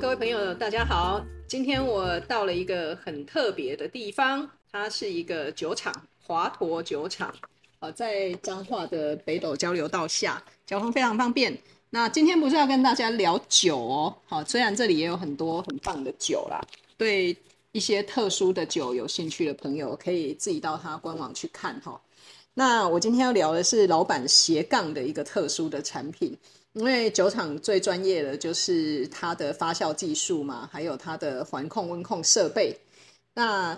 各位朋友，大家好！今天我到了一個很特別的地方，它是一個酒廠——華陀酒廠。在彰化的北斗交流道下，交通非常方便。那今天不是要跟大家聊酒哦，好，雖然這裡也有很多很棒的酒啦。對一些特殊的酒有興趣的朋友，可以自己到他官網去看哈。那我今天要聊的是老闆斜槓的一個特殊的產品。因為酒廠最專業的就是它的發酵技術嘛，還有它的環控溫控設備。那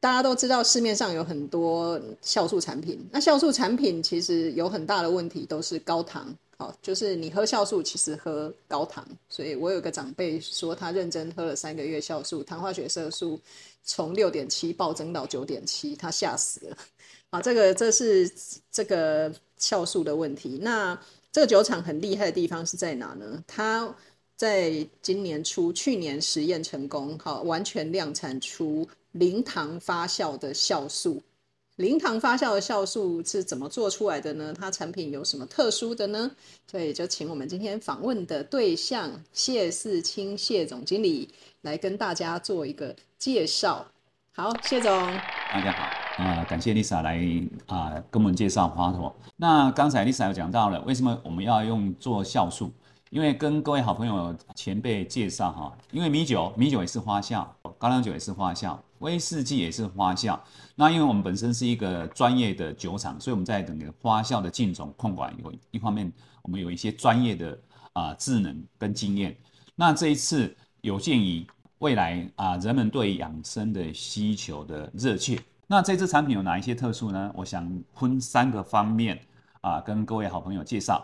大家都知道市面上有很多酵素產品，那酵素產品其實有很大的問題，都是高糖。好、哦，就是你喝酵素其實喝高糖。所以我有個長輩說，他認真喝了三個月酵素，糖化血色素從六點七暴增到九點七，他嚇死了。啊、哦，這個這是這個酵素的問題。那。這個酒廠很厲害的地方是在哪呢？它在今年初、去年實驗成功，好，完全量產出零糖發酵的酵素。零糖發酵的酵素是怎麼做出來的呢？它產品有什麼特殊的呢？所以就請我們今天訪問的對象謝四卿謝總經理來跟大家做一個介紹。好，謝總，大家好。啊、呃，感謝 Lisa 來啊、呃，跟我們介紹華陀。那剛才 Lisa 有講到了，為什麼我們要用做酵素？因為跟各位好朋友前輩介紹哈，因為米酒、米酒也是發酵，高粱酒也是發酵，威士忌也是發酵。那因為我們本身是一個專業的酒廠，所以我們在整個發酵的菌種控管，有一方面我們有一些專業的啊、呃、智能跟經驗。那這一次有鑑於未來啊、呃、人們對養生的需求的熱切。那這支產品有哪一些特殊呢？我想分三個方面啊，跟各位好朋友介紹。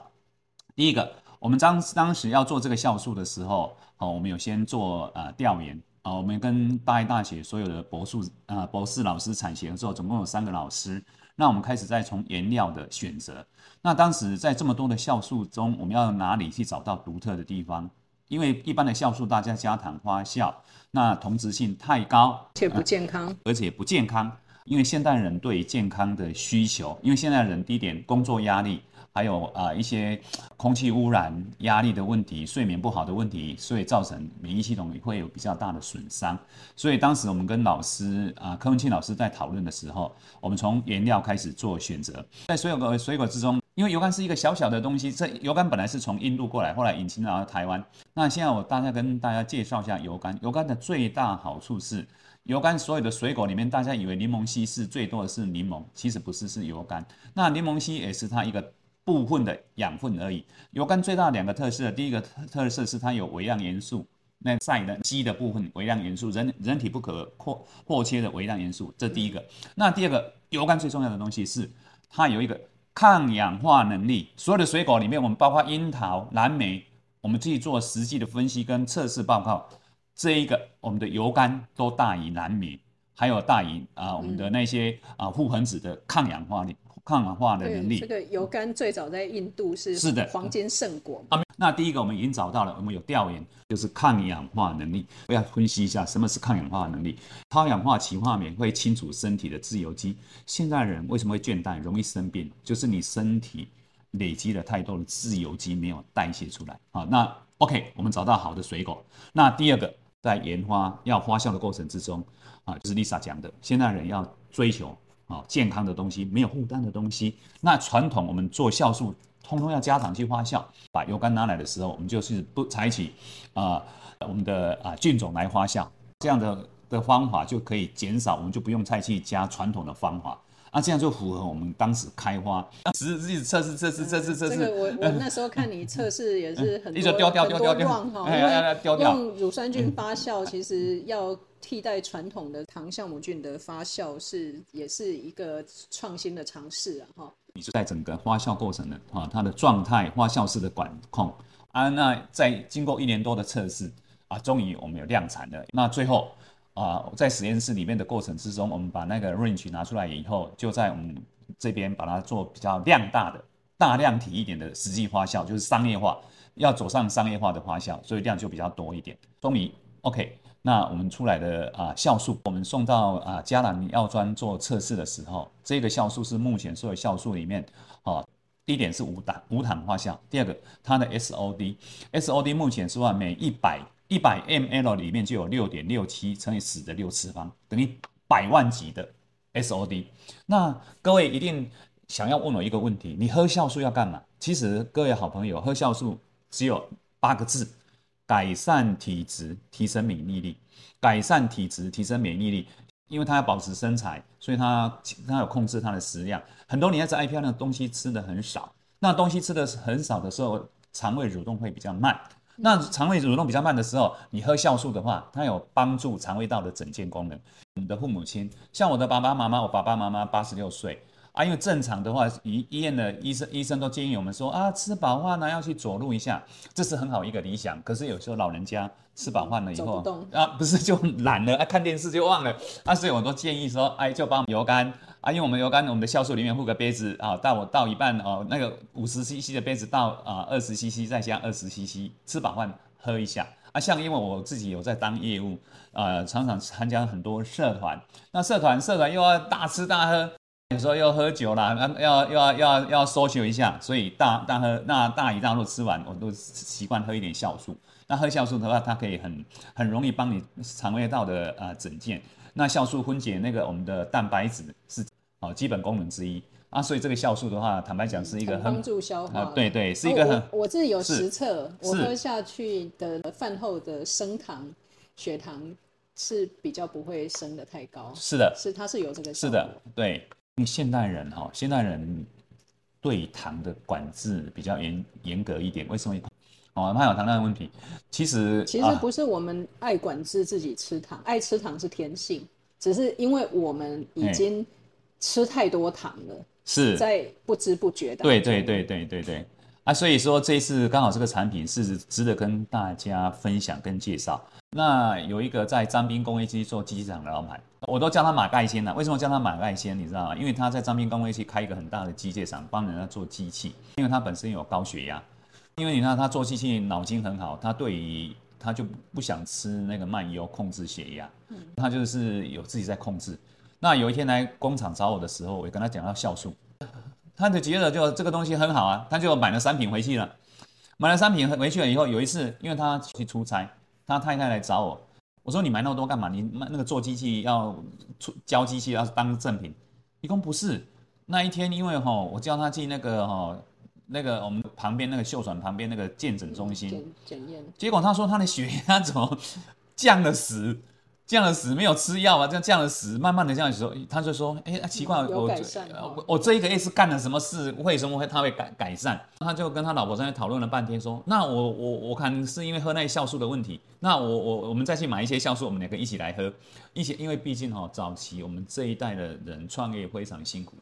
第一個，我們當當時要做這個酵素的時候，好、啊，我們有先做啊調研，啊，我們跟大一大學所有的博士啊博士老師產學的時候，總共有三個老師。那我們開始在從原料的選擇。那當時在這麼多的酵素中，我們要哪裡去找到獨特的地方？因為一般的酵素大家加糖發酵，那同質性太高，且不健康、呃，而且不健康。因為現代人對於健康的需求，因為現代人第一點工作壓力，還有啊一些空氣污染壓力的問題，睡眠不好的問題，所以造成免疫系統也會有比較大的損傷。所以當時我們跟老師啊、呃、柯文慶老師在討論的時候，我們從原料開始做選擇，在所有的水果之中，因為油柑是一個小小的東西，這油柑本來是從印度過來，後來引進來到台灣。那現在我大概跟大家介紹一下油柑。油柑的最大好處是油柑所有的水果裡面，大家以為檸檬烯是最多的是檸檬，其實不是，是油柑。那檸檬烯也是它一個部分的養分而已。油柑最大的兩個特色，第一個特特色是它有微量元素，那在的基的部分微量元素，人人體不可或或缺的微量元素，這第一個。那第二個，油柑最重要的東西是它有一個抗氧化能力。所有的水果裡面，我們包括櫻桃、藍莓，我們自己做實際的分析跟測試報告。這一個，我們的油柑都大於藍莓，還有大於啊，呃嗯、我們的那些啊覆盆子的抗氧化力、抗氧化的能力。這個油柑最早在印度是是的黃金聖果。那第一個我們已經找到了，我們有調研，就是抗氧化能力。我要分析一下什麼是抗氧化能力。超氧化歧化酶會清除身體的自由基。現在人為什麼會倦怠、容易生病？就是你身體累積了太多的自由基，沒有代謝出來啊。那 OK，我們找到好的水果。那第二個。在研發要發酵的過程之中，啊，就是 Lisa 講的，現代人要追求啊健康的東西，沒有負擔的東西。那傳統我們做酵素，通通要加糖去發酵，把油柑拿來的時候，我們就是不採取啊我們的啊菌種來發酵，這樣的的方法就可以減少，我們就不用再去加傳統的方法。那、啊、這樣就符合我們當時開花實際測試，測試測試測試。我我那時候看你測試也是很、嗯，你說吊吊吊吊吊用乳酸菌發酵，其實要替代傳統的糖酵母菌的發酵是、嗯嗯、也是一個創新的嘗試哈。你說在整個發酵過程的哈，它的狀態、發酵式的管控啊，那在經過一年多的測試啊，終於我們有量產了。那最後。啊，在實驗室裡面的過程之中，我們把那個 range 拿出來以後，就在我們這邊把它做比較量大的、大量體一點的實際發酵，就是商業化，要走上商業化的發酵，所以量就比較多一點。說明 OK，那我們出來的啊酵素，我們送到啊嘉南藥專，做測試的時候，這個酵素是目前所有酵素裡面，哦、啊，第一點是無糖無糖發酵，第二個它的 SOD，SOD 目前是每一百。一百 mL 裡面就有六點六七乘以十的六次方，等於百萬級的 SOD。那各位一定想要問我一個問題：你喝酵素要幹嘛？其實各位好朋友喝酵素只有八個字：改善體質，提升免疫力。改善體質，提升免疫力，因為他要保持身材，所以他他有控制他的食量。很多女孩子愛漂亮的東西吃得很少，那東西吃得很少的時候，腸胃蠕動會比較慢。那腸胃蠕動比較慢的時候，你喝酵素的話，它有幫助腸胃道的整健功能。你的父母親，像我的爸爸媽媽，我爸爸媽媽八十六歲。啊，因為正常的話，醫醫院的醫生醫生都建議我們說，啊，吃飽飯呢要去走路一下，這是很好一個理想。可是有時候老人家吃飽飯了以後，嗯、走不動、啊，不是就懶了，啊，看電視就忘了。啊，所以我都建議說，哎、啊，就幫我們油柑啊，因為我們油柑我們的酵素裡面附個杯子啊，帶我倒一半哦、啊，那個五十 CC 的杯子倒啊二十 CC，再加二十 CC，吃飽飯喝一下。啊，像因為我自己有在當業務，啊，常常參加很多社團，那社團社團又要大吃大喝。候要喝酒啦，要要要要 social 一下，所以大大喝那大魚大肉吃完，我都習慣喝一點酵素。那喝酵素的話，它可以很很容易幫你腸胃道的啊、呃、整健。那酵素分解那個我們的蛋白質是哦、呃、基本功能之一啊，所以這個酵素的話，坦白講是一個很幫、嗯、助消化啊，呃、對，對對，是一個很。啊、我這有實測，是我喝下去的飯後的升糖是血糖是比較不會升的太高。是的，是它是有這個效果的是的。對。因為現代人哈，現代人對糖的管制比較嚴嚴格一點，為什麼？哦，怕有糖尿的問題。其實其實不是我們愛管制自己吃糖，啊、愛吃糖是天性，只是因為我們已經吃太多糖了，是嘿在不知不覺的是。對，對對對對對對。啊，所以說這一次剛好這個產品是值得跟大家分享跟介紹。那有一個在彰濱工業區做機器廠的老闆，我都叫他馬蓋先了，啊。為什麼叫他馬蓋先？你知道嗎？因為他在彰濱工業區開一個很大的機械廠，幫人家做機器。因為他本身有高血壓，因為你看他做機器腦筋很好，他對於他就不想吃那個慢悠控制血壓，他就是有自己在控制。那有一天來工廠找我的時候，我也跟他講到酵素。他就覺得就這個東西很好啊，他就買了三瓶回去了。買了三瓶回去了以後，有一次，因為他去出差，他太太來找我，我說你買那麼多幹嘛？你那個做機器要出交機器要當正品，一共不是那一天，因為哈，我叫他去那個哈，那個我們旁邊那個秀傳旁邊那個健診中心結果他說他的血壓怎麼降了十。這樣的死沒有吃藥啊，這樣這樣的死，慢慢的這樣的時候，他就說，哎、欸啊，奇怪我，我我這一個月是幹了什麼事？為什麼會他會改改善？他就跟他老婆在那討論了半天，說，那我我我看是因為喝那些酵素的問題，那我我我們再去買一些酵素，我們兩個一起來喝，一起，因為畢竟哈、哦，早期我們這一代的人創業非常辛苦。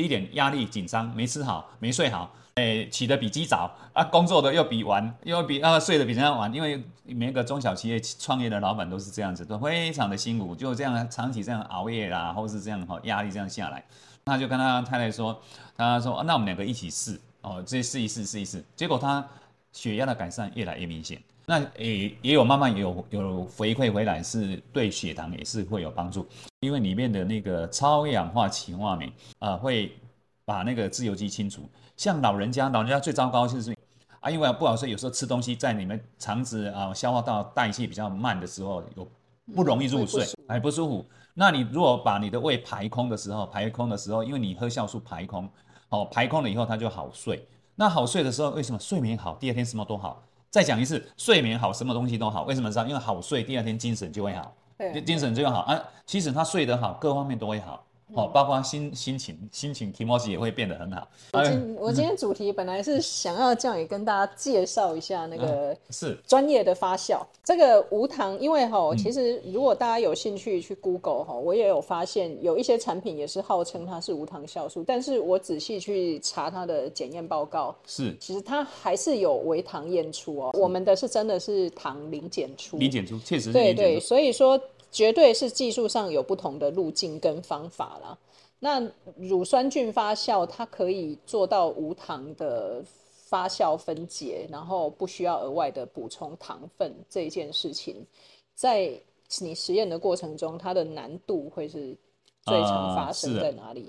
一點壓力緊張，沒吃好，沒睡好，哎、欸，起得比雞早啊，工作的又比晚，又比啊睡得比人家晚，因為每個中小企業創業的老闆都是這樣子，都非常的辛苦，就這樣長期這樣熬夜啦，或是這樣哈壓力這樣下來，他就跟他太太說，他說啊那我們兩個一起試哦，這試一試試一試，結果他血壓的改善越來越明顯。那誒，也有慢慢有有回饋回來，是對血糖也是會有幫助，因為裡面的那個超氧化歧化酶啊，會把那個自由基清除。像老人家，老人家最糟糕就是啊，因為不好睡，有時候吃東西在你們腸子啊消化道代謝比較慢的時候，有，不容易入睡，還不舒服。那你如果把你的胃排空的時候，排空的時候，因為你喝酵素排空，哦，排空了以後它就好睡。那好睡的時候，為什麼睡眠好，第二天什麼都好？再講一次，睡眠好，什麼東西都好。為什麼？知道？因為好睡，第二天精神就會好，對精神就會好啊。其實他睡得好，各方面都會好。哦、包括心心情、心情、情緒也會變得很好。我今我今天主題本來是想要這樣也跟大家介紹一下那個是專業的發酵、嗯、這個無糖，因為哈，其實如果大家有興趣去 Google 哈，嗯，我也有發現有一些產品也是號稱它是無糖酵素，但是我仔細去查它的檢驗報告是，其實它還是有微糖驗出哦。是我們的是真的是糖零檢出，零檢出確實是對，對對，所以說。絕對是技術上有不同的路徑跟方法啦。那乳酸菌發酵它可以做到無糖的發酵分解，然後不需要額外的補充糖分這件事情，在你實驗的過程中，它的難度會是最常發生在哪裡？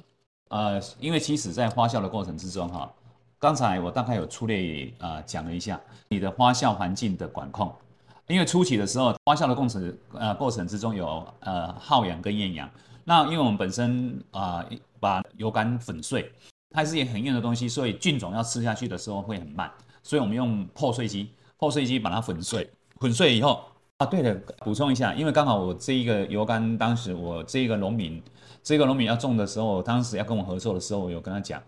呃，呃，因為其實，在發酵的過程之中，哈，剛才我大概有粗略呃講了一下你的發酵環境的管控。因為初期的時候，發酵的供氧呃過程之中有呃耗氧跟厭氧。那因為我們本身啊、呃、把油柑粉碎，它是一個很硬的東西，所以菌種要吃下去的時候會很慢。所以我們用破碎機，破碎機把它粉碎。粉碎以後啊，對的，補充一下，因為剛好我這一個油柑，當時我這一個農民，這個農民要種的時候，當時要跟我合作的時候，我有跟他講。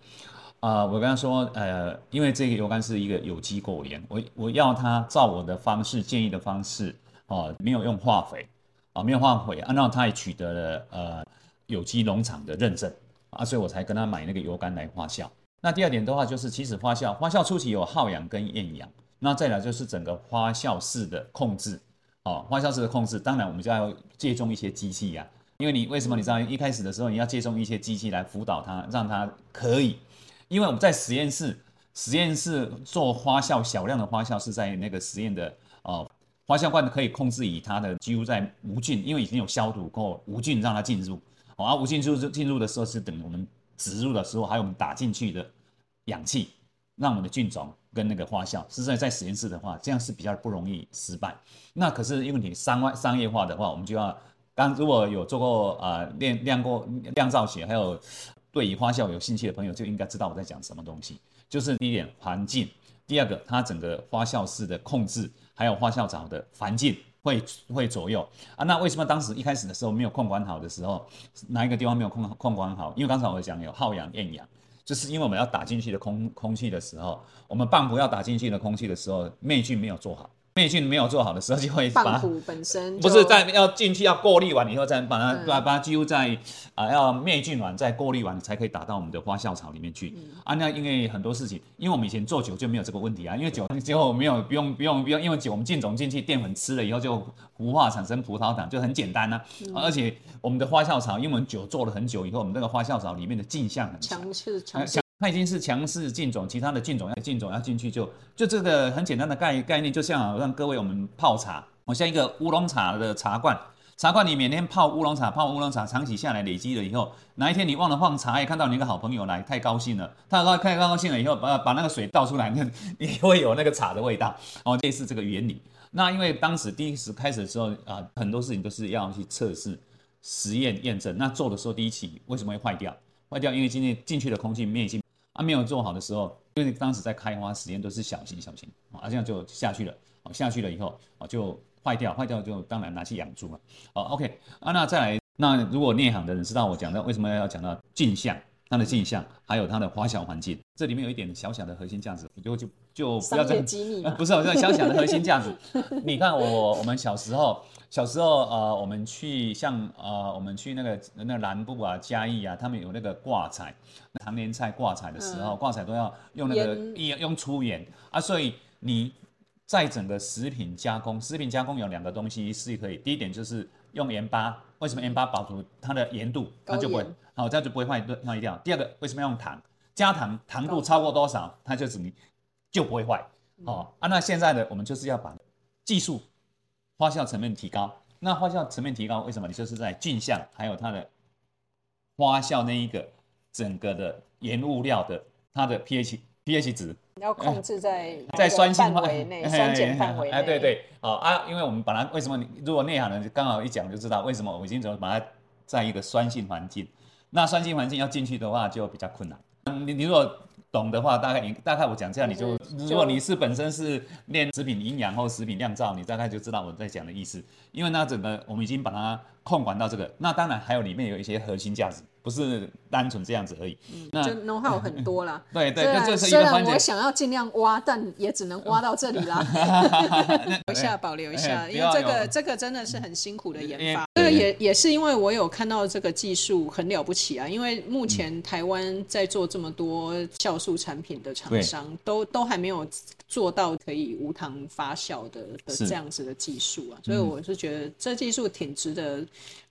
啊、呃，我跟他說，呃，因為這個油柑是一個有機果園，我我要他照我的方式建議的方式，哦，沒有用化肥，啊、哦，沒有化肥，按、啊、照他也取得了呃有機農場的認證啊，所以我才跟他買那個油柑來發酵。那第二點的話，就是其實發酵，發酵初期有耗氧跟厭氧，那再來就是整個發酵室的控制，啊、哦，發酵室的控制，當然我們就要接種一些機器呀、啊，因為你為什麼你知道一開始的時候你要接種一些機器來輔導它，讓它可以。因為我們在實驗室，實驗室做發酵小量，的發酵是在那個實驗的哦，發酵罐可以控制，以它的幾乎在無菌，因為已經有消毒過無菌，讓它進入。而、哦啊、無菌入入進入的時候是等我們植入的時候，還有我們打進去的氧氣，讓我們的菌種跟那個發酵是在在實驗室的話，這樣是比較不容易失敗。那可是因為你商業商業化的話，我們就要剛，如果有做過啊煉煉過釀造血還有。對於發酵有興趣的朋友，就應該知道我在講什麼東西。就是第一點環境，第二個它整個發酵室的控制，還有發酵槽的環境會會左右啊。那為什麼當時一開始的時候沒有控管好的時候，哪一個地方沒有控控管好？因為剛才我講有耗氧厭氧，就是因為我們要打進去的空空氣的時候，我們幫浦要打進去的空氣的時候，滅菌沒有做好。滅菌沒有做好的時候，就會把本身不是在要進去要過濾完以後，再把它把它幾乎在啊、呃、要滅菌完再過濾完才可以打到我們的花酵槽裡面去啊。那因為很多事情，因為我們以前做酒就沒有這個問題啊。因為酒最後沒有不用不用不用，因為酒我們進種進去澱粉吃了以後就糊化產生葡萄糖，就很簡單吶、啊啊。而且我們的花酵槽，因為我們酒做了很久以後，我們那個花酵槽裡面的鏡像很強強。它已經是強勢菌種，其他的菌種要進種要進去就就這個很簡單的概概念，就像、啊、讓各位我們泡茶，我像一個烏龍茶的茶罐，茶罐裡面泡烏龍茶，泡烏龍茶，長期下來累積了以後，哪一天你忘了放茶葉，看到你一個好朋友來，太高興了，太高太高興了以後，把把那個水倒出來，你你會有那個茶的味道，哦，這是這個原理。那因為當時第一次開始的時候啊，很多事情都是要去測試、實驗、驗證。那做的時候，第一期為什麼會壞掉？壞掉，因為今天進去的空氣面已經。啊，沒有做好的時候，因為當時在開花，時間都是小型小型，啊，這樣就下去了，啊，下去了以後，啊，就壞掉，壞掉就當然拿去養豬了，好，啊、，OK，啊，那再來，那如果內行的人知道我講的，為什麼要講到鏡像，它的鏡像，還有它的花小環境。這裡面有一點小小的核心價值，你就就就不要再，不是，是小小的核心價值。 你看我我們小時候，小時候呃，我們去像呃，我們去那個那南部啊、嘉義啊，他們有那個掛菜，長年菜掛菜的時候，掛菜、嗯、都要用那個用鹽用粗鹽啊。所以你在整個食品加工，食品加工有兩個東西是可以。第一點就是用鹽巴，為什麼鹽巴保住它的鹽度，鹽它就不會好，這樣就不會壞壞掉、掉。第二個為什麼要用糖？加糖，糖度超過多少，哦、它就是你就不會壞、嗯、哦啊。那現在的我們就是要把技術發酵層面提高。那發酵層面提高，為什麼？你就是在菌相，還有它的發酵那一個整個的原物料的它的 pH pH 值，你要控制在在酸性範圍內，酸鹼範圍。哎、啊，對對、對、哦，啊，因為我們把它為什麼你？你如果內行人剛好一講就知道為什麼。我已經怎麼把它在一個酸性環境？那酸性環境要進去的話，就比較困難。嗯、你、你如果懂的話，大概你大概我講這樣，你就如果你是本身是練食品營養或食品釀造，你大概就知道我在講的意思。因為那整個我們已經把它控管到這個，那當然還有裡面有一些核心價值。不是單純這樣子而已，那就 know how 很多了。對對，雖然我想要盡量挖，但也只能挖到這裡啦。留一下，保留一下，因為這個這個真的是很辛苦的研發。這個也也是因為我有看到這個技術很了不起啊，因為目前台灣在做這麼多酵素產品的廠商，都都還沒有做到可以無糖發酵的的這樣子的技術啊，所以我是覺得這技術挺值得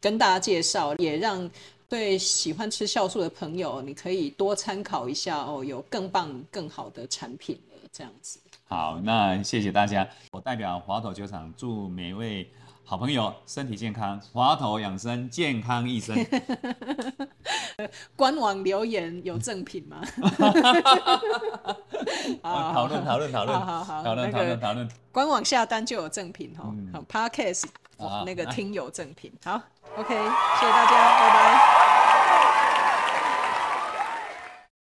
跟大家介紹，也讓。對喜歡吃酵素的朋友，你可以多參考一下哦，有更棒、更好的產品這樣子，好，那謝謝大家。我代表華陀酒廠，祝每位好朋友身體健康，華陀養生，健康一生。官網留言有贈品嗎？討論討論討論，好好討論討論討論。官網下單就有贈品哦，好，Podcast，那個聽友贈品，好，OK，謝謝大家，拜拜。